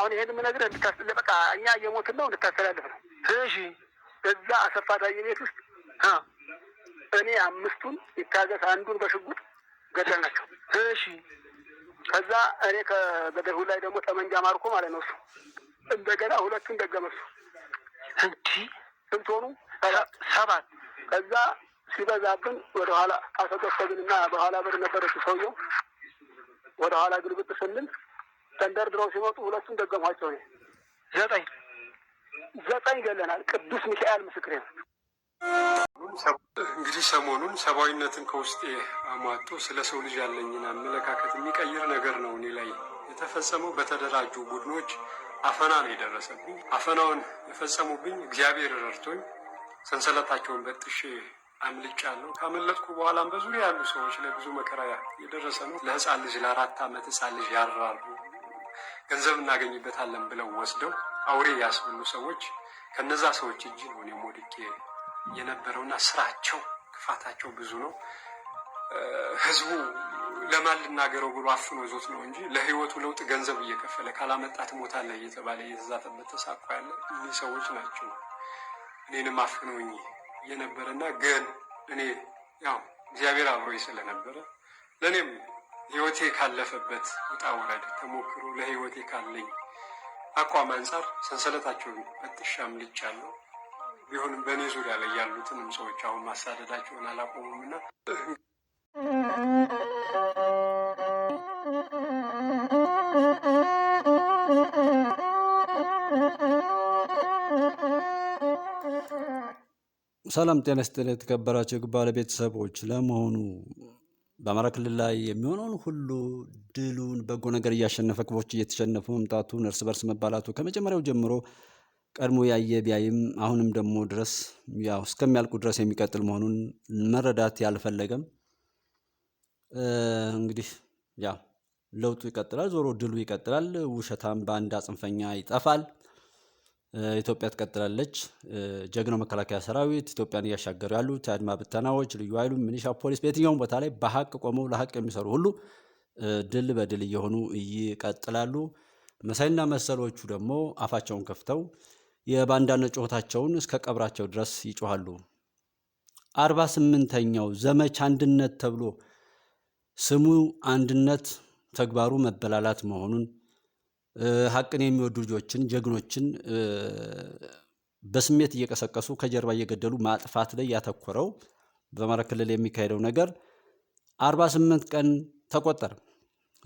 አሁን ይሄን የምነግርህ እንድታስለ በቃ እኛ እየሞትን ነው እንድታስተላልፍ ነው። እሺ እዛ አሰፋ ዳዬ ቤት ውስጥ እኔ አምስቱን ይታገስ አንዱን በሽጉጥ ገደል ናቸው። እሺ ከዛ እኔ ከበደሁ ላይ ደግሞ ጠመንጃ ማርኮ ማለት ነው እሱ እንደገና ሁለቱን ደገመሱ እንዲ ስንት ሆኑ? ሰባት ከዛ ሲበዛብን ወደኋላ አሰገሰብንና በኋላ በር ነበረች ሰውየው ወደኋላ ግልብጥ ስንል ተንደርድረው ሲመጡ ሁለቱም ደገሟቸው። እኔ ዘጠኝ ዘጠኝ ገለናል። ቅዱስ ሚካኤል ምስክሬ ነው። እንግዲህ ሰሞኑን ሰብአዊነትን ከውስጤ አሟጦ ስለ ሰው ልጅ ያለኝን አመለካከት የሚቀይር ነገር ነው እኔ ላይ የተፈጸመው። በተደራጁ ቡድኖች አፈና ነው የደረሰብኝ። አፈናውን የፈጸሙብኝ እግዚአብሔር ረድቶኝ ሰንሰለታቸውን በጥሼ አምልጫለሁ። ካመለጥኩ በኋላም በዙሪያ ያሉ ሰዎች ለብዙ መከራ የደረሰ ነው። ለህፃን ልጅ ለአራት ዓመት ህፃን ልጅ ያራሉ። ገንዘብ እናገኝበታለን ብለው ወስደው አውሬ ያስብሉ ሰዎች ከነዛ ሰዎች እጅ ሆኔ ሞድቄ የነበረውና ስራቸው ክፋታቸው ብዙ ነው። ህዝቡ ለማን ልናገረው ብሎ አፍኖ ይዞት ነው እንጂ ለህይወቱ ለውጥ ገንዘብ እየከፈለ ካላመጣ ትሞታለህ እየተባለ እየተዛተበት ተሳቆ ያለ እኒህ ሰዎች ናቸው። እኔንም አፍኖኝ የነበረና ግን እኔ ያው እግዚአብሔር አብሮኝ ስለነበረ ለእኔም ህይወቴ ካለፈበት ውጣ ውረድ ተሞክሮ ለህይወቴ ካለኝ አቋም አንጻር ሰንሰለታቸውን በጥሻ አምልጫለሁ። ቢሆንም በእኔ ዙሪያ ላይ ያሉትንም ሰዎች አሁን ማሳደዳቸውን አላቆሙም እና ሰላም ጤና ስጥል የተከበራቸው የግባ ቤተሰቦች ለመሆኑ በአማራ ክልል ላይ የሚሆነውን ሁሉ ድሉን በጎ ነገር እያሸነፈ ክቦች እየተሸነፉ መምጣቱን እርስ በርስ መባላቱ ከመጀመሪያው ጀምሮ ቀድሞ ያየ ቢያይም አሁንም ደግሞ ድረስ ያው እስከሚያልቁ ድረስ የሚቀጥል መሆኑን መረዳት ያልፈለገም እንግዲህ ያው ለውጡ ይቀጥላል። ዞሮ ድሉ ይቀጥላል። ውሸታም በአንድ ጽንፈኛ ይጠፋል። ኢትዮጵያ ትቀጥላለች። ጀግናው መከላከያ ሰራዊት ኢትዮጵያን እያሻገሩ ያሉት የአድማ ብተናዎች፣ ልዩ ኃይሉ፣ ሚኒሻ፣ ፖሊስ በየትኛውም ቦታ ላይ በሀቅ ቆመው ለሀቅ የሚሰሩ ሁሉ ድል በድል እየሆኑ ይቀጥላሉ። መሳይና መሰሎቹ ደግሞ አፋቸውን ከፍተው የባንዳነት ጩኸታቸውን እስከ ቀብራቸው ድረስ ይጮሃሉ። አርባ ስምንተኛው ዘመቻ አንድነት ተብሎ ስሙ አንድነት ተግባሩ መበላላት መሆኑን ሀቅን የሚወዱ ልጆችን ጀግኖችን በስሜት እየቀሰቀሱ ከጀርባ እየገደሉ ማጥፋት ላይ ያተኮረው በአማራ ክልል የሚካሄደው ነገር አርባ ስምንት ቀን ተቆጠረ።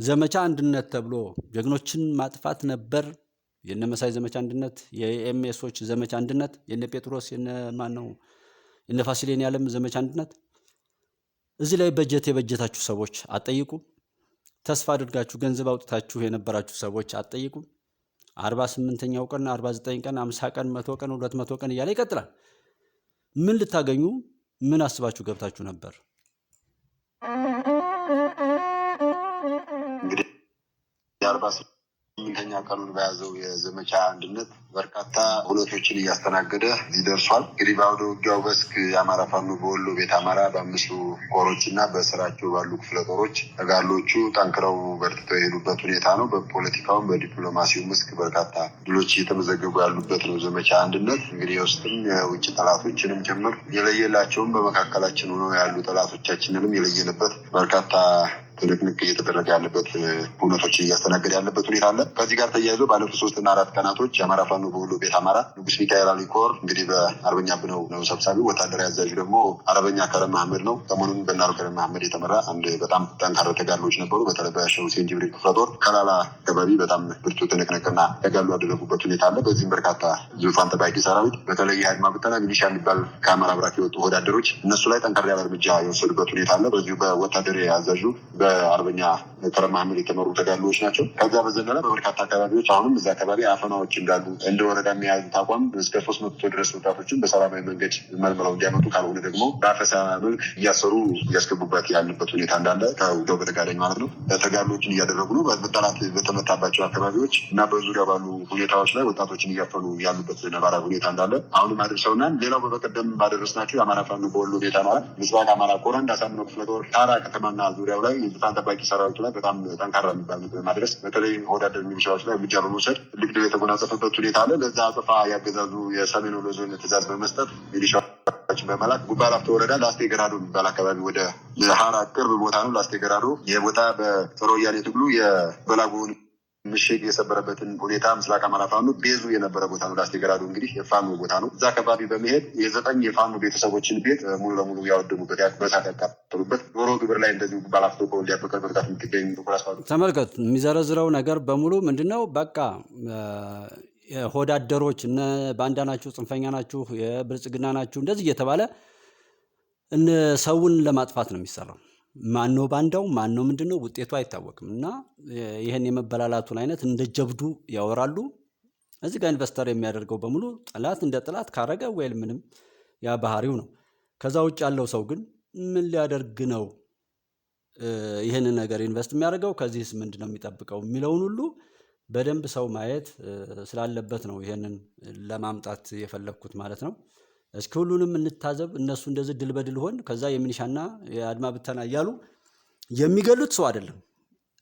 ዘመቻ አንድነት ተብሎ ጀግኖችን ማጥፋት ነበር። የነ መሳይ ዘመቻ አንድነት፣ የኤምኤሶች ዘመቻ አንድነት፣ የነ ጴጥሮስ የነ ማነው የነ ፋሲሌን ያለም ዘመቻ አንድነት። እዚህ ላይ በጀት የበጀታችሁ ሰዎች አትጠይቁም። ተስፋ አድርጋችሁ ገንዘብ አውጥታችሁ የነበራችሁ ሰዎች አትጠይቁም። አርባ ስምንተኛው ቀን አርባ ዘጠኝ ቀን አምሳ ቀን መቶ ቀን ሁለት መቶ ቀን እያለ ይቀጥላል። ምን ልታገኙ ምን አስባችሁ ገብታችሁ ነበር? እንግዲህ ሰላሳኛ ቀኑን በያዘው የዘመቻ አንድነት በርካታ ሁነቶችን እያስተናገደ ይደርሷል። እንግዲህ በአውደ ውጊያው በስክ የአማራ ፋኖ በወሎ ቤት አማራ በአምስቱ ኮሮች እና በስራቸው ባሉ ክፍለ ጦሮች ተጋሎቹ ጠንክረው በርትተው የሄዱበት ሁኔታ ነው። በፖለቲካውም በዲፕሎማሲው መስክ በርካታ ድሎች እየተመዘገቡ ያሉበት ነው። ዘመቻ አንድነት እንግዲህ የውስጥም የውጭ ጠላቶችንም ጭምር የለየላቸውም በመካከላችን ሆነው ያሉ ጠላቶቻችንንም የለየንበት በርካታ ትንቅንቅ እየተደረገ ያለበት ሁነቶች እያስተናገደ ያለበት ሁኔታ አለ። ከዚህ ጋር ተያይዞ ባለፉት ሶስት እና አራት ቀናቶች የአማራ ፋኖ በሁሉ ቤት አማራ ንጉስ ሚካኤል አሊኮር እንግዲህ በአርበኛ ብነው ነው ሰብሳቢ፣ ወታደራዊ አዛዥ ደግሞ አረበኛ ከረም መሀመድ ነው። ሰሞኑን በናሩ ከረም መሀመድ የተመራ አንድ በጣም ጠንካራ ተጋድሎዎች ነበሩ። በተለይ በሸው ሴንት ጅብሪል ክፍለ ጦር ከላላ አካባቢ በጣም ብርቱ ትንቅንቅና ተጋድሎ ያደረጉበት ሁኔታ አለ። በዚህም በርካታ ዙፋን ተባይቲ ሰራዊት በተለይ የሀድማ ብተና ሚሊሻ የሚባል ከአማራ ብራክ የወጡ ወዳደሮች እነሱ ላይ ጠንካራ ያለ እርምጃ የወሰዱበት ሁኔታ አለ። በዚሁ በወታደራዊ አዛዡ በአርበኛ ተረ መሀመድ የተመሩ ተጋድሎዎች ናቸው። ከዛ በዘለለ በበርካታ አካባቢዎች አሁንም እዚ አካባቢ አፈናዎች እንዳሉ እንደ ወረዳ የሚያዙት አቋም እስከ ሶስት መቶ ድረስ ወጣቶችን በሰላማዊ መንገድ መልምለው እንዲያመጡ ካልሆነ ደግሞ በአፈሳ መልክ እያሰሩ እያስገቡበት ያለበት ሁኔታ እንዳለ ከውጊያው በተጋዳኝ ማለት ነው ተጋድሎዎችን እያደረጉ ነው። በጠላት በተመታባቸው አካባቢዎች እና በዙሪያ ባሉ ሁኔታዎች ላይ ወጣቶችን እያፈኑ ያሉበት ነባራዊ ሁኔታ እንዳለ አሁንም አድርሰውናል። ሌላው በበቀደም ባደረስናቸው የአማራ ፋኖ በወሎ ሁኔታ ማለት ምስራቅ አማራ ኮር አንድ አሳምነው ክፍለ ጦር ታራ ከተማና ዙሪያው ላይ በጣም ጠባቂ ሰራዊቱ ላይ በጣም ጠንካራ የሚባል ማድረስ በተለይ ወዳደር ሚሊሻዎች ላይ እርምጃ በመውሰድ ትልቅ ድል የተጎናጸፈበት ሁኔታ አለ። ለዛ አጽፋ ያገዛዙ የሰሜን ወሎ ዞን ትእዛዝ በመስጠት ሚሊሻዎች በመላክ ጉባ ላፍቶ ወረዳ ላስቴ ገራዶ የሚባል አካባቢ ወደ ሀራ ቅርብ ቦታ ነው። ላስቴ ገራዶ ይህ ቦታ በጸረ ወያኔ ትግሉ የበላጎን ምሽግ የሰበረበትን ሁኔታ ምስራቅ አማራ ፋኖ ቤዙ የነበረ ቦታ ነው። ላስቴ ገራዱ እንግዲህ የፋኖ ቦታ ነው። እዛ አካባቢ በመሄድ የዘጠኝ የፋኖ ቤተሰቦችን ቤት ሙሉ ለሙሉ ያወደሙበት፣ በሳት ያቃጠሉበት ዶሮ ግብር ላይ እንደዚሁ ባላፍቶ ከወልዲ ያበቀል በርታት የምትገኝ ተመልከቱ። የሚዘረዝረው ነገር በሙሉ ምንድን ነው? በቃ ሆዳደሮች እነ ባንዳ ናችሁ፣ ጽንፈኛ ናችሁ፣ የብልጽግና ናችሁ እንደዚህ እየተባለ ሰውን ለማጥፋት ነው የሚሰራው። ማኖ ባንዳው ማነው ምንድነው ውጤቱ አይታወቅም። እና ይህን የመበላላቱን አይነት እንደ ጀብዱ ያወራሉ። እዚህ ጋር ኢንቨስተር የሚያደርገው በሙሉ ጠላት እንደ ጠላት ካረገ ወይም ምንም ያ ባህሪው ነው። ከዛ ውጭ ያለው ሰው ግን ምን ሊያደርግ ነው ይህን ነገር ኢንቨስት የሚያደርገው ከዚህስ ምንድን ነው የሚጠብቀው የሚለውን ሁሉ በደንብ ሰው ማየት ስላለበት ነው ይህንን ለማምጣት የፈለግኩት ማለት ነው። እስኪ ሁሉንም እንታዘብ፣ እነሱ እንደዚህ ድል በድል ሆን፣ ከዛ የሚኒሻና የአድማ ብተና እያሉ የሚገሉት ሰው አይደለም።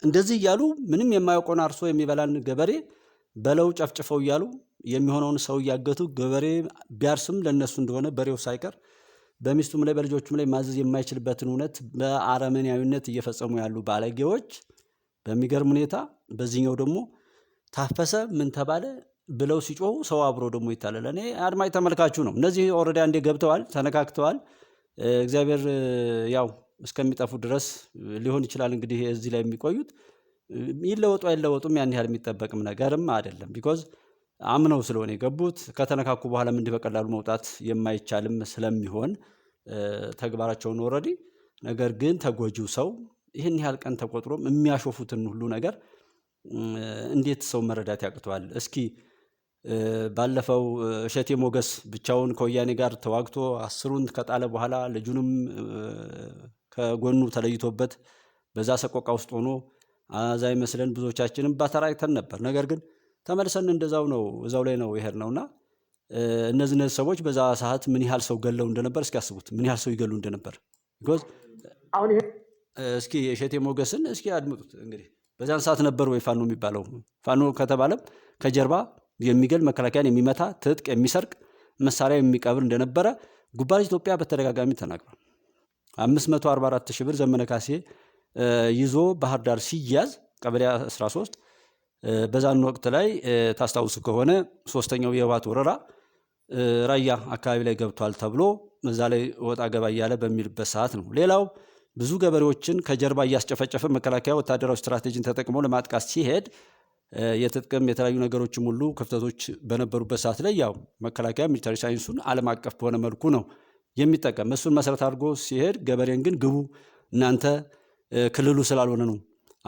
እንደዚህ እያሉ ምንም የማያውቀውን አርሶ የሚበላን ገበሬ በለው ጨፍጭፈው እያሉ የሚሆነውን ሰው እያገቱ ገበሬ ቢያርስም ለእነሱ እንደሆነ በሬው ሳይቀር በሚስቱም ላይ በልጆቹም ላይ ማዘዝ የማይችልበትን እውነት በአረመኔያዊነት እየፈጸሙ ያሉ ባለጌዎች በሚገርም ሁኔታ በዚህኛው ደግሞ ታፈሰ ምን ተባለ ብለው ሲጮሁ ሰው አብሮ ደግሞ ይታለል። እኔ አድማጭ ተመልካችሁ ነው። እነዚህ ኦልሬዲ አንዴ ገብተዋል፣ ተነካክተዋል። እግዚአብሔር ያው እስከሚጠፉ ድረስ ሊሆን ይችላል እንግዲህ እዚህ ላይ የሚቆዩት ይለወጡ አይለወጡም ያን ያህል የሚጠበቅም ነገርም አይደለም። ቢኮዝ አምነው ስለሆነ የገቡት ከተነካኩ በኋላም እንዲህ በቀላሉ መውጣት የማይቻልም ስለሚሆን ተግባራቸውን ኦልሬዲ ነገር ግን ተጎጂው ሰው ይህን ያህል ቀን ተቆጥሮም የሚያሾፉትን ሁሉ ነገር እንዴት ሰው መረዳት ያቅተዋል? እስኪ ባለፈው እሸቴ ሞገስ ብቻውን ከወያኔ ጋር ተዋግቶ አስሩን ከጣለ በኋላ ልጁንም ከጎኑ ተለይቶበት በዛ ሰቆቃ ውስጥ ሆኖ አዛ ይመስለን ብዙዎቻችንም ባተራይተን ነበር። ነገር ግን ተመልሰን እንደዛው ነው እዛው ላይ ነው ይሄድ ነውና እነዚህ እነዚህ ሰዎች በዛ ሰዓት ምን ያህል ሰው ገለው እንደነበር እስኪ አስቡት፣ ምን ያህል ሰው ይገሉ እንደነበር ቢኮዝ አሁን እስኪ እሸቴ ሞገስን እስኪ አድምጡት። እንግዲህ በዛን ሰዓት ነበር ወይ ፋኖ የሚባለው? ፋኖ ከተባለም ከጀርባ የሚገል መከላከያን የሚመታ ትጥቅ የሚሰርቅ መሳሪያ የሚቀብል እንደነበረ ጉባለች ኢትዮጵያ በተደጋጋሚ ተናግሯል። 544 ሺህ ብር ዘመነ ካሴ ይዞ ባህር ዳር ሲያዝ ቀበሌ 13 በዛን ወቅት ላይ ታስታውስ ከሆነ ሶስተኛው የህወሓት ወረራ ራያ አካባቢ ላይ ገብቷል ተብሎ እዛ ላይ ወጣ ገባ እያለ በሚልበት ሰዓት ነው። ሌላው ብዙ ገበሬዎችን ከጀርባ እያስጨፈጨፈ መከላከያ ወታደራዊ ስትራቴጂን ተጠቅሞ ለማጥቃት ሲሄድ የትጥቅም የተለያዩ ነገሮችም ሁሉ ክፍተቶች በነበሩበት ሰዓት ላይ ያው መከላከያ ሚሊታሪ ሳይንሱን ዓለም አቀፍ በሆነ መልኩ ነው የሚጠቀም። እሱን መሰረት አድርጎ ሲሄድ ገበሬን ግን ግቡ እናንተ ክልሉ ስላልሆነ ነው፣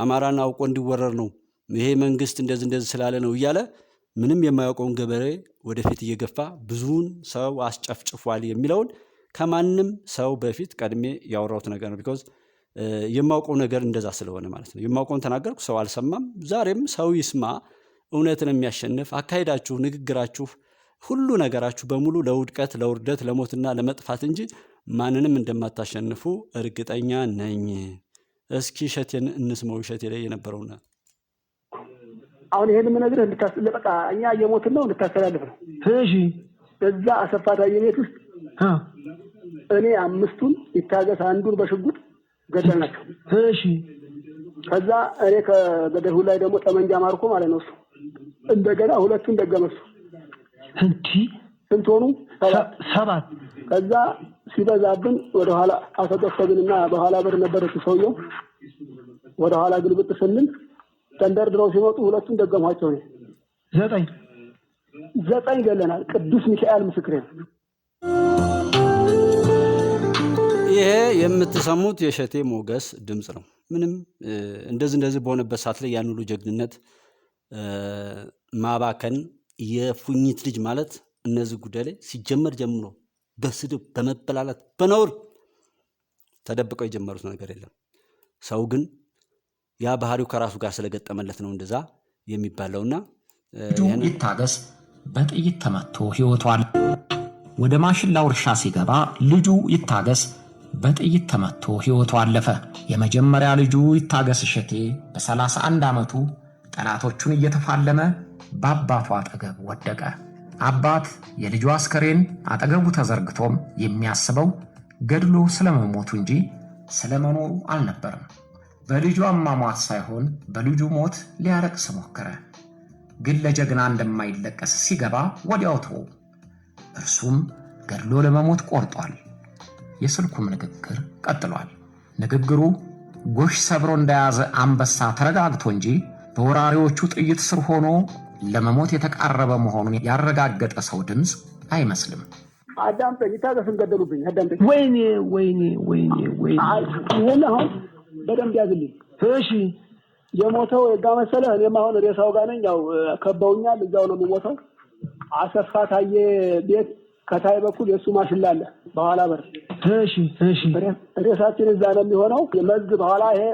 አማራን አውቆ እንዲወረር ነው፣ ይሄ መንግስት እንደዚህ እንደዚህ ስላለ ነው እያለ ምንም የማያውቀውን ገበሬ ወደፊት እየገፋ ብዙውን ሰው አስጨፍጭፏል የሚለውን ከማንም ሰው በፊት ቀድሜ ያወራሁት ነገር ነው ቢኮዝ የማውቀው ነገር እንደዛ ስለሆነ ማለት ነው። የማውቀውን ተናገርኩ፣ ሰው አልሰማም። ዛሬም ሰው ይስማ። እውነትን የሚያሸንፍ አካሄዳችሁ፣ ንግግራችሁ፣ ሁሉ ነገራችሁ በሙሉ ለውድቀት፣ ለውርደት፣ ለሞትና ለመጥፋት እንጂ ማንንም እንደማታሸንፉ እርግጠኛ ነኝ። እስኪ እሸቴን እንስመው። እሸቴ ላይ የነበረውና አሁን ይህን የምነግርህ በቃ እኛ እየሞትን ነው እንድታስተላልፍ ነው። እሺ እዛ አሰፋ ታዬ ቤት ውስጥ እኔ አምስቱን ይታገስ አንዱን በሽጉጥ ገደል ናቸው። እሺ ከዛ እኔ ከገደልሁ ላይ ደግሞ ጠመንጃ ማርኮ ማለት ነው እሱ እንደገና ሁለቱን ደገመሱ። እንቲ ስንት ሆኑ? ሰባት ከዛ ሲበዛብን ወደኋላ እና በኋላ በር ነበረች ሰውየው። ወደኋላ ግልብጥ ስንል ተንደርድረው ሲመጡ ሁለቱን ደገሟቸው። ዘጠኝ ዘጠኝ ገለናል። ቅዱስ ሚካኤል ምስክሬ ነው። ይሄ የምትሰሙት የእሸቴ ሞገስ ድምፅ ነው። ምንም እንደዚህ እንደዚህ በሆነበት ሰዓት ላይ ያን ሁሉ ጀግንነት ማባከን የፉኝት ልጅ ማለት እነዚህ ጉዳይ ላይ ሲጀመር ጀምሮ በስድብ በመበላላት በነውር ተደብቀው የጀመሩት ነገር የለም። ሰው ግን ያ ባህሪው ከራሱ ጋር ስለገጠመለት ነው እንደዛ የሚባለውና ይታገስ በጥይት ተመቶ ህይወቷል። ወደ ማሽላው እርሻ ሲገባ ልጁ ይታገስ በጥይት ተመቶ ሕይወቱ አለፈ። የመጀመሪያ ልጁ ይታገስ እሸቴ በ31 ዓመቱ ጠላቶቹን እየተፋለመ በአባቱ አጠገብ ወደቀ። አባት የልጁ አስከሬን አጠገቡ ተዘርግቶም የሚያስበው ገድሎ ስለመሞቱ እንጂ ስለመኖሩ አልነበርም። በልጁ አሟሟት ሳይሆን በልጁ ሞት ሊያለቅስ ሞከረ። ግን ለጀግና እንደማይለቀስ ሲገባ ወዲያው ተወው። እርሱም ገድሎ ለመሞት ቆርጧል። የስልኩም ንግግር ቀጥሏል። ንግግሩ ጎሽ ሰብሮ እንደያዘ አንበሳ ተረጋግቶ እንጂ በወራሪዎቹ ጥይት ስር ሆኖ ለመሞት የተቃረበ መሆኑን ያረጋገጠ ሰው ድምፅ አይመስልም። አዳምጠኝ፣ ታገስን ገደሉብኝ። አዳምጠኝ። ወይኔ ወይኔ ወይኔ ወይኔ! ይህን አሁን በደንብ ያዝልኝ። እሺ፣ የሞተው ጋ መሰለ። እኔም አሁን ሬሳው ጋር ነኝ። ያው ከበውኛል። እዛው ነው የሚሞተው። አሰፋ ታዬ ቤት ከታይ በኩል የእሱ ማሽላ አለ በኋላ በር። ሬሳችን እዛ ነው የሚሆነው። መዝ በኋላ ይሄ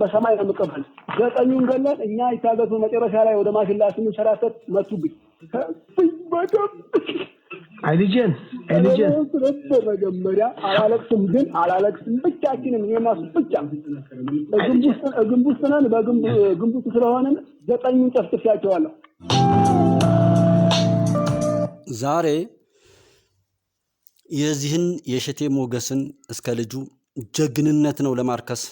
በሰማይ ነው የምቀበል። ዘጠኙን ገለን እኛ ይታገቱ። መጨረሻ ላይ ወደ ማሽላ ስንሰራሰት መቱብኝ። አይልጀን አይልጀን። መጀመሪያ አላለቅስም፣ ግን አላለቅስም። ብቻችንም እኔና እሱ ብቻ ግንቡ ውስጥ ነን። በግንቡ ስለሆነን ስለሆንን ዘጠኙን ጨፍጭፍያቸዋለሁ ዛሬ የዚህን የእሸቴ ሞገስን እስከ ልጁ ጀግንነት ነው ለማርከስ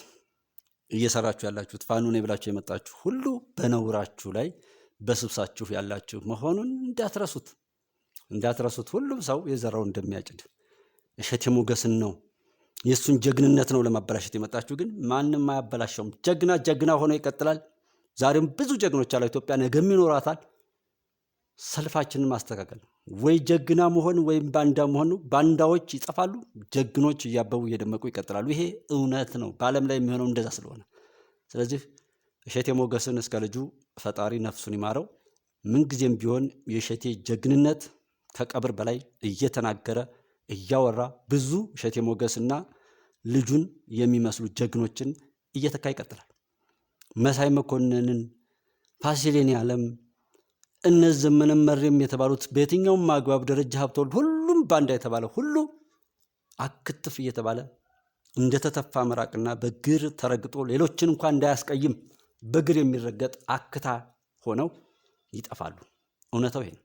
እየሰራችሁ ያላችሁት ፋኖ ነው ብላችሁ የመጣችሁ ሁሉ በነውራችሁ ላይ በስብሳችሁ ያላችሁ መሆኑን እንዳትረሱት እንዳትረሱት። ሁሉም ሰው የዘራው እንደሚያጭድ እሸቴ ሞገስን ነው የእሱን ጀግንነት ነው ለማበላሸት የመጣችሁ። ግን ማንም አያበላሸውም። ጀግና ጀግና ሆኖ ይቀጥላል። ዛሬም ብዙ ጀግኖች አሉ ኢትዮጵያ፣ ነገም ይኖራታል። ሰልፋችንን ማስተካከል ነው። ወይ ጀግና መሆን ወይም ባንዳ መሆን ነው። ባንዳዎች ይጠፋሉ፣ ጀግኖች እያበቡ እየደመቁ ይቀጥላሉ። ይሄ እውነት ነው። በዓለም ላይ የሚሆነው እንደዛ ስለሆነ ስለዚህ እሸቴ ሞገስን እስከ ልጁ ፈጣሪ ነፍሱን ይማረው። ምንጊዜም ቢሆን የእሸቴ ጀግንነት ከቀብር በላይ እየተናገረ እያወራ ብዙ እሸቴ ሞገስና ልጁን የሚመስሉ ጀግኖችን እየተካ ይቀጥላል። መሳይ መኮንንን፣ ፋሲሌን ያለም እነዚህ ዘመነም መሬም የተባሉት በየትኛውም አግባብ ደረጃ ሀብተወልድ ሁሉም ባንዳ የተባለ ሁሉ አክትፍ እየተባለ እንደተተፋ መራቅና በግር ተረግጦ ሌሎችን እንኳን እንዳያስቀይም በግር የሚረገጥ አክታ ሆነው ይጠፋሉ። እውነታው ይሄ ነው።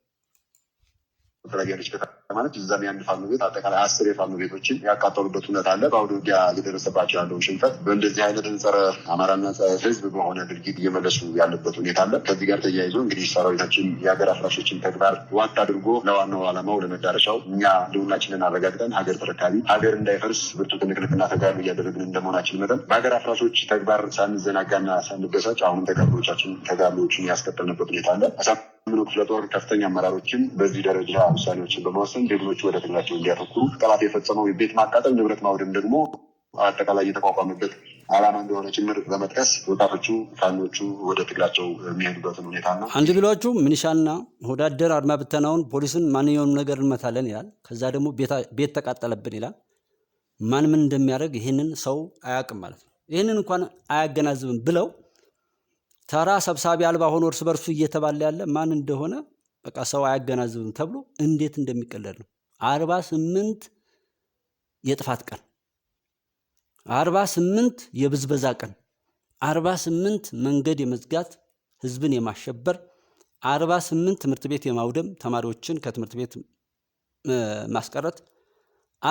ተረጋሪዎች ማለት እዛም የአንድ ፋኖ ቤት አጠቃላይ አስር የፋኖ ቤቶችን ያቃጠሉበት እውነት አለ። በአውደ ውጊያ የደረሰባቸው ያለው ሽንፈት በእንደዚህ አይነት ጸረ አማራና ጸረ ሕዝብ በሆነ ድርጊት እየመለሱ ያለበት ሁኔታ አለ። ከዚህ ጋር ተያይዞ እንግዲህ ሰራዊታችን የሀገር አፍራሾችን ተግባር ዋት አድርጎ ለዋናው ዓላማው ለመዳረሻው እኛ ልውናችንን አረጋግጠን ሀገር ተረካቢ ሀገር እንዳይፈርስ ብርቱ ትንቅንቅና ተጋሉ እያደረግን እንደመሆናችን መጠን በሀገር አፍራሾች ተግባር ሳንዘናጋና ሳንበሳጭ አሁንም ተጋሎቻችን ተጋሎችን ያስቀጠልንበት ሁኔታ አለ። ምነው ክፍለ ጦር ከፍተኛ አመራሮችን በዚህ ደረጃ ውሳኔዎችን በመወሰን ጀግኖቹ ወደ ትግላቸው እንዲያተኩሩ ጠላት የፈጸመው የቤት ማቃጠል፣ ንብረት ማውደም ደግሞ አጠቃላይ የተቋቋመበት አላማ እንደሆነ ጭምር በመጥቀስ ወጣቶቹ ፋኖቹ ወደ ትግላቸው የሚሄዱበትን ሁኔታ ነው። አንድ ቢሏችሁ ምንሻና ወዳደር አድማ ብተናውን ፖሊስን ማንኛውም ነገር እንመታለን ይላል። ከዛ ደግሞ ቤት ተቃጠለብን ይላል። ማን ምን እንደሚያደርግ ይህንን ሰው አያውቅም ማለት ነው። ይህንን እንኳን አያገናዝብም ብለው ተራ ሰብሳቢ አልባ ሆኖ እርስ በርሱ እየተባለ ያለ ማን እንደሆነ በቃ ሰው አያገናዝብም ተብሎ እንዴት እንደሚቀለድ ነው። አርባ ስምንት የጥፋት ቀን፣ አርባ ስምንት የብዝበዛ ቀን፣ አርባ ስምንት መንገድ የመዝጋት ህዝብን የማሸበር፣ አርባ ስምንት ትምህርት ቤት የማውደም ተማሪዎችን ከትምህርት ቤት ማስቀረት፣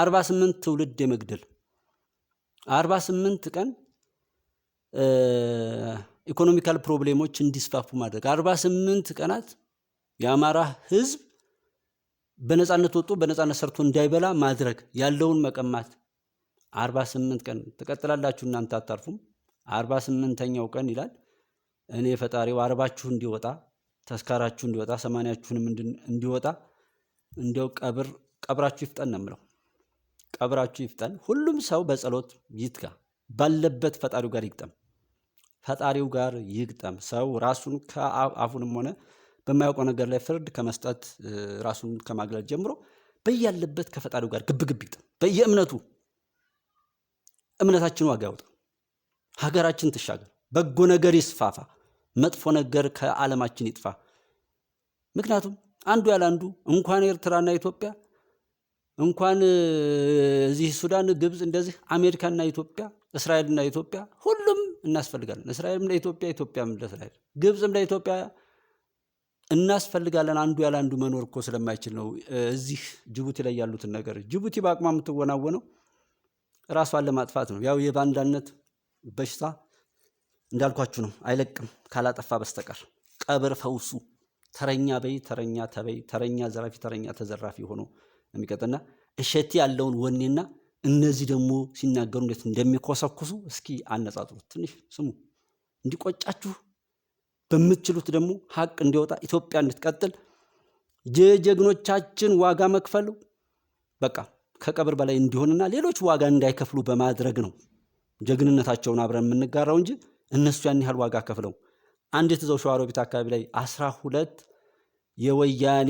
አርባ ስምንት ትውልድ የመግደል አርባ ስምንት ቀን ኢኮኖሚካል ፕሮብሌሞች እንዲስፋፉ ማድረግ አርባ ስምንት ቀናት የአማራ ህዝብ በነፃነት ወጥቶ በነፃነት ሰርቶ እንዳይበላ ማድረግ ያለውን መቀማት አርባ ስምንት ቀን ትቀጥላላችሁ እናንተ አታርፉም። አርባ ስምንተኛው ቀን ይላል እኔ ፈጣሪው አርባችሁ እንዲወጣ ተስካራችሁ እንዲወጣ ሰማንያችሁንም እንዲወጣ እንዲያው ቀብር ቀብራችሁ ይፍጠን ነው የምለው። ቀብራችሁ ይፍጠን። ሁሉም ሰው በጸሎት ይትጋ፣ ባለበት ፈጣሪው ጋር ይግጠም። ፈጣሪው ጋር ይግጠም። ሰው ራሱን ከአፉንም ሆነ በማያውቀው ነገር ላይ ፍርድ ከመስጠት ራሱን ከማግለል ጀምሮ በያለበት ከፈጣሪው ጋር ግብግብ ይግጠም። በየእምነቱ እምነታችን ዋጋ ያውጣ። ሀገራችን ትሻገር። በጎ ነገር ይስፋፋ። መጥፎ ነገር ከዓለማችን ይጥፋ። ምክንያቱም አንዱ ያለ አንዱ እንኳን ኤርትራና ኢትዮጵያ እንኳን እዚህ ሱዳን፣ ግብፅ እንደዚህ አሜሪካና ኢትዮጵያ፣ እስራኤልና ኢትዮጵያ ሁሉም እናስፈልጋለን። እስራኤልም ለኢትዮጵያ፣ ኢትዮጵያም ለእስራኤል፣ ግብፅም ለኢትዮጵያ እናስፈልጋለን። አንዱ ያለ አንዱ መኖር እኮ ስለማይችል ነው። እዚህ ጅቡቲ ላይ ያሉትን ነገር ጅቡቲ በአቅሟ የምትወናወነው ራሷን ለማጥፋት ነው። ያው የባንዳነት በሽታ እንዳልኳችሁ ነው፣ አይለቅም ካላጠፋ በስተቀር ቀብር ፈውሱ ተረኛ በይ ተረኛ ተበይ ተረኛ ዘራፊ ተረኛ ተዘራፊ ሆኖ የሚቀጥና እሸቴ ያለውን ወኔና እነዚህ ደግሞ ሲናገሩ እንዴት እንደሚኮሰኩሱ እስኪ አነጻጽሩት። ትንሽ ስሙ እንዲቆጫችሁ፣ በምትችሉት ደግሞ ሀቅ እንዲወጣ ኢትዮጵያ እንድትቀጥል የጀግኖቻችን ዋጋ መክፈል በቃ ከቀብር በላይ እንዲሆንና ሌሎች ዋጋ እንዳይከፍሉ በማድረግ ነው ጀግንነታቸውን አብረን የምንጋራው እንጂ እነሱ ያን ያህል ዋጋ ከፍለው አንዲት እዛው ሸዋሮቢት አካባቢ ላይ አስራ ሁለት የወያኔ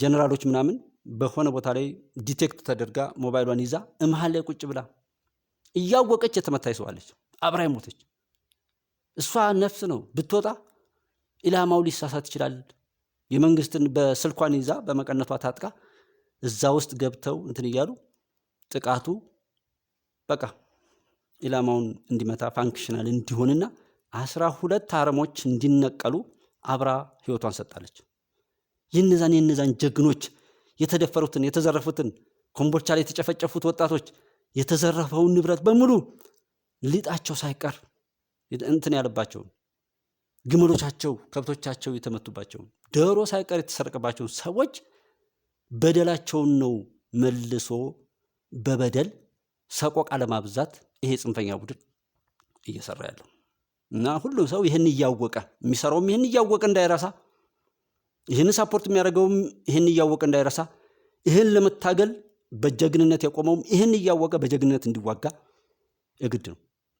ጀነራሎች ምናምን በሆነ ቦታ ላይ ዲቴክት ተደርጋ ሞባይሏን ይዛ እመሃል ላይ ቁጭ ብላ እያወቀች የተመታይ ሰዋለች። አብራ ሞተች። እሷ ነፍስ ነው ብትወጣ ኢላማው ሊሳሳት ይችላል። የመንግስትን በስልኳን ይዛ በመቀነቷ ታጥቃ እዛ ውስጥ ገብተው እንትን እያሉ ጥቃቱ በቃ ኢላማውን እንዲመታ ፋንክሽናል እንዲሆንና አስራ ሁለት አረሞች እንዲነቀሉ አብራ ህይወቷን ሰጣለች። የነዛን የነዛን ጀግኖች የተደፈሩትን፣ የተዘረፉትን ኮምቦልቻ ላይ የተጨፈጨፉት ወጣቶች የተዘረፈውን ንብረት በሙሉ ሊጣቸው ሳይቀር እንትን ያለባቸውን ግመሎቻቸው፣ ከብቶቻቸው የተመቱባቸውን ዶሮ ሳይቀር የተሰረቀባቸውን ሰዎች በደላቸውን ነው መልሶ በበደል ሰቆቃ ለማብዛት ይሄ ጽንፈኛ ቡድን እየሰራ ያለው እና ሁሉም ሰው ይህን እያወቀ የሚሰራውም ይህን እያወቀ እንዳይረሳ ይህን ሳፖርት የሚያደርገውም ይህን እያወቀ እንዳይረሳ፣ ይህን ለመታገል በጀግንነት የቆመውም ይህን እያወቀ በጀግንነት እንዲዋጋ የግድ ነው።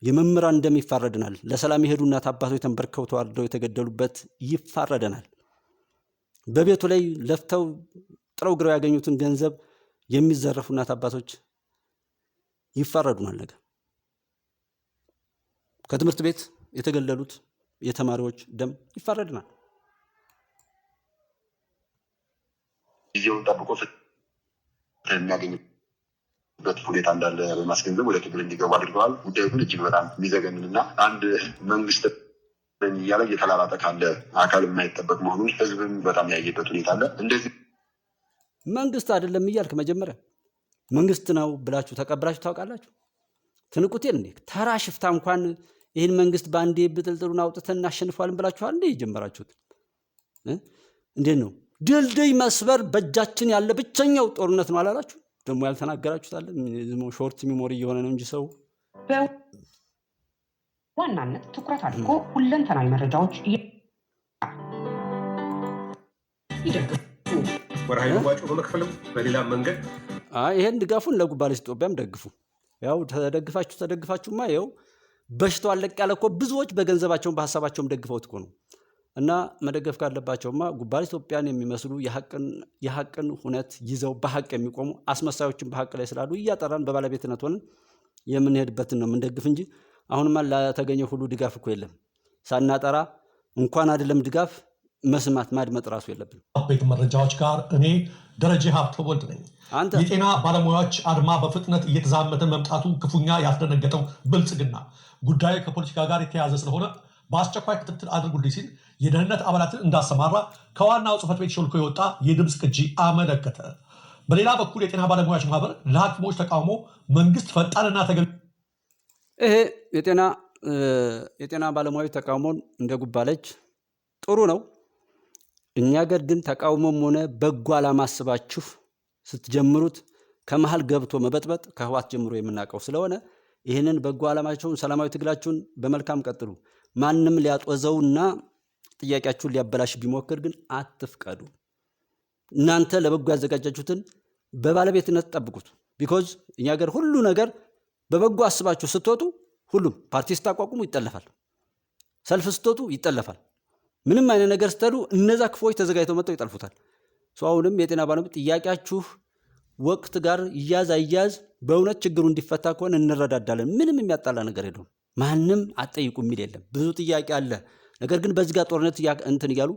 የመምህራን እንደም ይፋረደናል። ለሰላም የሄዱ እናት አባቶች ተንበርከው ተዋርደው የተገደሉበት ይፋረደናል። በቤቱ ላይ ለፍተው ጥረው ግረው ያገኙትን ገንዘብ የሚዘረፉ እናት አባቶች ይፋረዱናል። ነገ ከትምህርት ቤት የተገለሉት የተማሪዎች ደም ይፋረድናል። ጊዜውን ጠብቆ ፍትህ የሚያገኝበት ሁኔታ እንዳለ በማስገንዘብ ወደ ክልል እንዲገቡ አድርገዋል። ጉዳዩ ግን እጅግ በጣም የሚዘገንንና አንድ መንግስት እያለ እየተላላጠ ካለ አካል የማይጠበቅ መሆኑን ህዝብም በጣም ያየበት ሁኔታ አለ። እንደዚህ መንግስት አይደለም እያልክ መጀመሪያ መንግስት ነው ብላችሁ ተቀብላችሁ ታውቃላችሁ? ትንቁቴ እንዴ ተራ ሽፍታ እንኳን ይህን መንግስት በአንዴ ብጥልጥሉን አውጥተን እናሸንፏልን ብላችኋል እንዴ የጀመራችሁት እንዴት ነው? ድልድይ መስበር በእጃችን ያለ ብቸኛው ጦርነት ነው አላላችሁ? ደግሞ ያልተናገራችሁታለ። ሾርት ሚሞሪ እየሆነ ነው እንጂ ሰው ዋናነት ትኩረት አድርጎ ሁለንተናዊ መረጃዎች ወርሃዊ መዋጮ በመክፈልም በሌላ መንገድ ይሄን ድጋፉን ለጉባለች ኢትዮጵያም ደግፉ። ያው ተደግፋችሁ ተደግፋችሁማ ይኸው በሽታው አለቅ ያለ እኮ ብዙዎች በገንዘባቸውን በሀሳባቸውም ደግፈውት እኮ ነው። እና መደገፍ ካለባቸውማ ጉባኤ ኢትዮጵያን የሚመስሉ የሀቅን ሁነት ይዘው በሀቅ የሚቆሙ አስመሳዮችን በሀቅ ላይ ስላሉ እያጠራን በባለቤትነት ሆነን የምንሄድበትን ነው የምንደግፍ እንጂ አሁንማ ላተገኘው ሁሉ ድጋፍ እኮ የለም። ሳናጠራ እንኳን አይደለም ድጋፍ መስማት ማድመጥ ራሱ የለብንም። አቤት መረጃዎች ጋር እኔ ደረጀ ሀብተወልድ ነኝ። የጤና ባለሙያዎች አድማ በፍጥነት እየተዛመተ መምጣቱ ክፉኛ ያስደነገጠው ብልጽግና ጉዳዩ ከፖለቲካ ጋር የተያያዘ ስለሆነ በአስቸኳይ ክትትል አድርጉልኝ ሲል የደህንነት አባላትን እንዳሰማራ ከዋናው ጽፈት ቤት ሾልኮ የወጣ የድምፅ ቅጂ አመለከተ። በሌላ በኩል የጤና ባለሙያዎች ማህበር ለሐኪሞች ተቃውሞ መንግስት ፈጣንና ተገል ይሄ የጤና ባለሙያዎች ተቃውሞን እንደ ጉባለች ጥሩ ነው። እኛ ገር ግን ተቃውሞም ሆነ በጎ አላማ አስባችሁ ስትጀምሩት ከመሀል ገብቶ መበጥበጥ ከህዋት ጀምሮ የምናውቀው ስለሆነ ይህንን በጎ አላማቸውን ሰላማዊ ትግላችሁን በመልካም ቀጥሉ። ማንም ሊያጦዘውና ጥያቄያችሁን ሊያበላሽ ቢሞክር ግን አትፍቀዱ። እናንተ ለበጎ ያዘጋጃችሁትን በባለቤትነት ጠብቁት። ቢኮዝ እኛ ሀገር ሁሉ ነገር በበጎ አስባችሁ ስትወጡ ሁሉም ፓርቲ ስታቋቁሙ ይጠለፋል፣ ሰልፍ ስትወጡ ይጠለፋል። ምንም አይነት ነገር ስትሄዱ እነዛ ክፎች ተዘጋጅተው መጥተው ይጠልፉታል። አሁንም የጤና ባለሙያ ጥያቄያችሁ ወቅት ጋር እያዝ አያዝ በእውነት ችግሩ እንዲፈታ ከሆነ እንረዳዳለን። ምንም የሚያጣላ ነገር የለውም። ማንም አጠይቁ የሚል የለም። ብዙ ጥያቄ አለ። ነገር ግን በዚህ ጋር ጦርነት እንትን እያሉ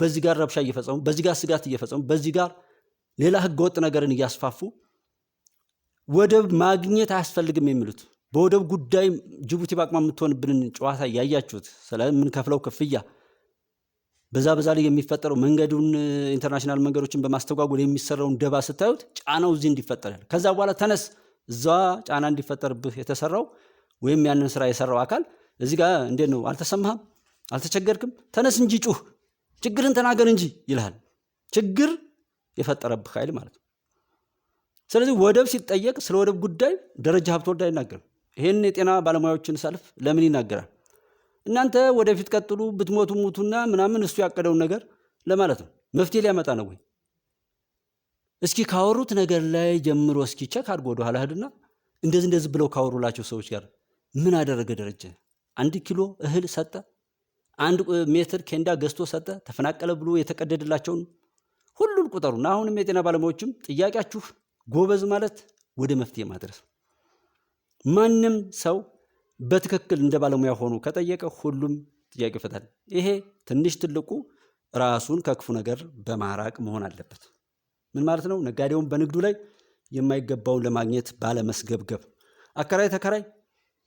በዚህ ጋር ረብሻ እየፈጸሙ በዚህ ጋር ስጋት እየፈጸሙ በዚህ ጋር ሌላ ህገወጥ ነገርን እያስፋፉ ወደብ ማግኘት አያስፈልግም የሚሉት በወደብ ጉዳይ ጅቡቲ በአቅማ የምትሆንብንን ጨዋታ ያያችሁት ስለምንከፍለው ክፍያ በዛ በዛ ላይ የሚፈጠረው መንገዱን ኢንተርናሽናል መንገዶችን በማስተጓጎል የሚሰራውን ደባ ስታዩት ጫናው እዚህ እንዲፈጠር ከዛ በኋላ ተነስ እዛ ጫና እንዲፈጠርብህ የተሰራው ወይም ያንን ስራ የሰራው አካል እዚህ ጋር እንዴት ነው አልተሰማህም? አልተቸገርክም? ተነስ እንጂ ጩህ፣ ችግርን ተናገር እንጂ ይልሃል። ችግር የፈጠረብህ ኃይል ማለት ነው። ስለዚህ ወደብ ሲጠየቅ ስለ ወደብ ጉዳይ ደረጃ ሀብተወልድ አይናገርም። ይህን የጤና ባለሙያዎችን ሰልፍ ለምን ይናገራል? እናንተ ወደፊት ቀጥሉ፣ ብትሞቱ ሙቱና ምናምን እሱ ያቀደውን ነገር ለማለት ነው። መፍትሄ ሊያመጣ ነው ወይ? እስኪ ካወሩት ነገር ላይ ጀምሮ እስኪ ቸክ አድርጎ ኋላ ሂድና እንደዚህ እንደዚህ ብለው ካወሩላቸው ሰዎች ጋር ምን አደረገ ደረጀ? አንድ ኪሎ እህል ሰጠ አንድ ሜትር ኬንዳ ገዝቶ ሰጠ፣ ተፈናቀለ ብሎ የተቀደደላቸውን ሁሉን ቁጠሩና አሁንም የጤና ባለሙያዎችም ጥያቄያችሁ ጎበዝ ማለት ወደ መፍትሄ ማድረስ ማንም ሰው በትክክል እንደ ባለሙያ ሆኖ ከጠየቀ ሁሉም ጥያቄ ይፈታል። ይሄ ትንሽ ትልቁ ራሱን ከክፉ ነገር በማራቅ መሆን አለበት። ምን ማለት ነው? ነጋዴውን በንግዱ ላይ የማይገባውን ለማግኘት ባለመስገብገብ፣ አከራይ ተከራይ፣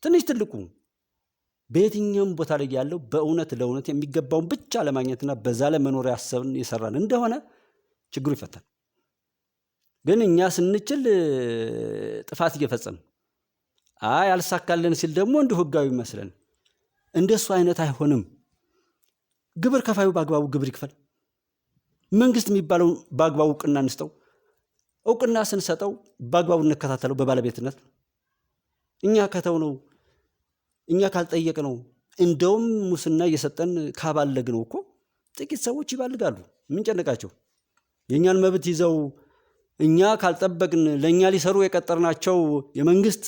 ትንሽ ትልቁ በየትኛውም ቦታ ላይ ያለው በእውነት ለእውነት የሚገባውን ብቻ ለማግኘትና በዛ ለመኖር ያሰብን የሰራን እንደሆነ ችግሩ ይፈታል። ግን እኛ ስንችል ጥፋት እየፈጸም አይ አልሳካለን ሲል ደግሞ እንዲሁ ህጋዊ ይመስለን። እንደሱ አይነት አይሆንም። ግብር ከፋዩ በአግባቡ ግብር ይክፈል። መንግስት የሚባለው በአግባቡ እውቅና እንስጠው። እውቅና ስንሰጠው በአግባቡ እንከታተለው በባለቤትነት እኛ ከተው ነው እኛ ካልጠየቅ ነው እንደውም ሙስና እየሰጠን ካባለግ ነው እኮ ጥቂት ሰዎች ይባልጋሉ። ምን ጨነቃቸው? የእኛን መብት ይዘው እኛ ካልጠበቅን ለእኛ ሊሰሩ የቀጠርናቸው የመንግስት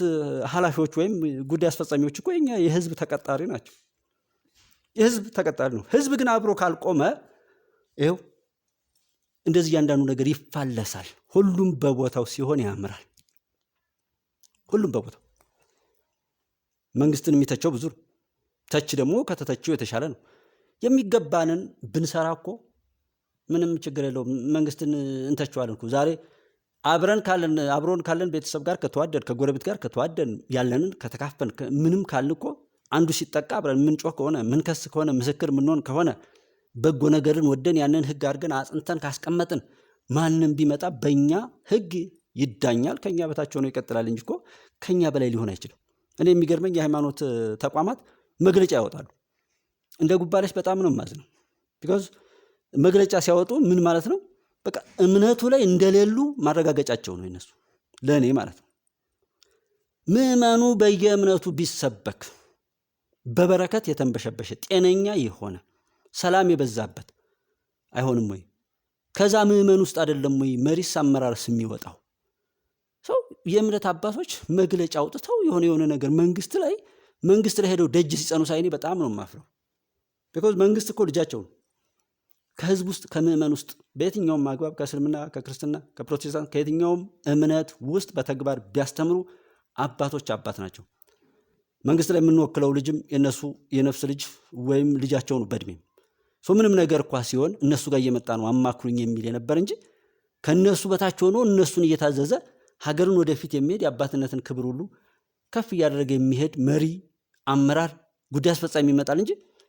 ኃላፊዎች ወይም ጉዳይ አስፈጻሚዎች እኮ የኛ የህዝብ ተቀጣሪ ናቸው። የህዝብ ተቀጣሪ ነው። ህዝብ ግን አብሮ ካልቆመ ይኸው እንደዚህ እያንዳንዱ ነገር ይፋለሳል። ሁሉም በቦታው ሲሆን ያምራል። ሁሉም በቦታው መንግስትን የሚተቸው ብዙ ነው። ተች ደግሞ ከተተችው የተሻለ ነው። የሚገባንን ብንሰራ እኮ ምንም ችግር የለውም። መንግስትን እንተቸዋለን እኮ ዛሬ አብረን ካለን አብሮን ካለን ቤተሰብ ጋር ከተዋደን ከጎረቤት ጋር ከተዋደን ያለንን ከተካፈን ምንም ካልን እኮ አንዱ ሲጠቃ አብረን ምንጮህ ከሆነ ምንከስ ከሆነ ምስክር ምንሆን ከሆነ በጎ ነገርን ወደን ያንን ህግ አድርገን አጽንተን ካስቀመጥን ማንም ቢመጣ በእኛ ህግ ይዳኛል። ከኛ በታች ሆኖ ይቀጥላል እንጂ እኮ ከኛ በላይ ሊሆን አይችልም። እኔ የሚገርመኝ የሃይማኖት ተቋማት መግለጫ ያወጣሉ። እንደ ጉባለች በጣም ነው የማዝነው። ቢኮዝ መግለጫ ሲያወጡ ምን ማለት ነው? በቃ እምነቱ ላይ እንደሌሉ ማረጋገጫቸው ነው የነሱ ለእኔ ማለት ነው። ምዕመኑ በየእምነቱ ቢሰበክ በበረከት የተንበሸበሸ ጤነኛ የሆነ ሰላም የበዛበት አይሆንም ወይ? ከዛ ምዕመን ውስጥ አይደለም ወይ መሪስ አመራርስ የሚወጣው? ሰው የእምነት አባቶች መግለጫ አውጥተው የሆነ የሆነ ነገር መንግስት ላይ መንግስት ላይ ሄደው ደጅ ሲጸኑ ሳይኔ በጣም ነው የማፍረው። ቢኮዝ መንግስት እኮ ልጃቸው ከህዝብ ውስጥ ከምዕመን ውስጥ በየትኛውም አግባብ ከእስልምና፣ ከክርስትና፣ ከፕሮቴስታንት ከየትኛውም እምነት ውስጥ በተግባር ቢያስተምሩ አባቶች አባት ናቸው። መንግስት ላይ የምንወክለው ልጅም የነሱ የነፍስ ልጅ ወይም ልጃቸው ነው በእድሜም ሶ ምንም ነገር እኳ ሲሆን እነሱ ጋር እየመጣ ነው አማክሩኝ የሚል የነበር እንጂ ከእነሱ በታች ሆኖ እነሱን እየታዘዘ ሀገርን ወደፊት የሚሄድ የአባትነትን ክብር ሁሉ ከፍ እያደረገ የሚሄድ መሪ፣ አመራር፣ ጉዳይ አስፈጻሚ ይመጣል እንጂ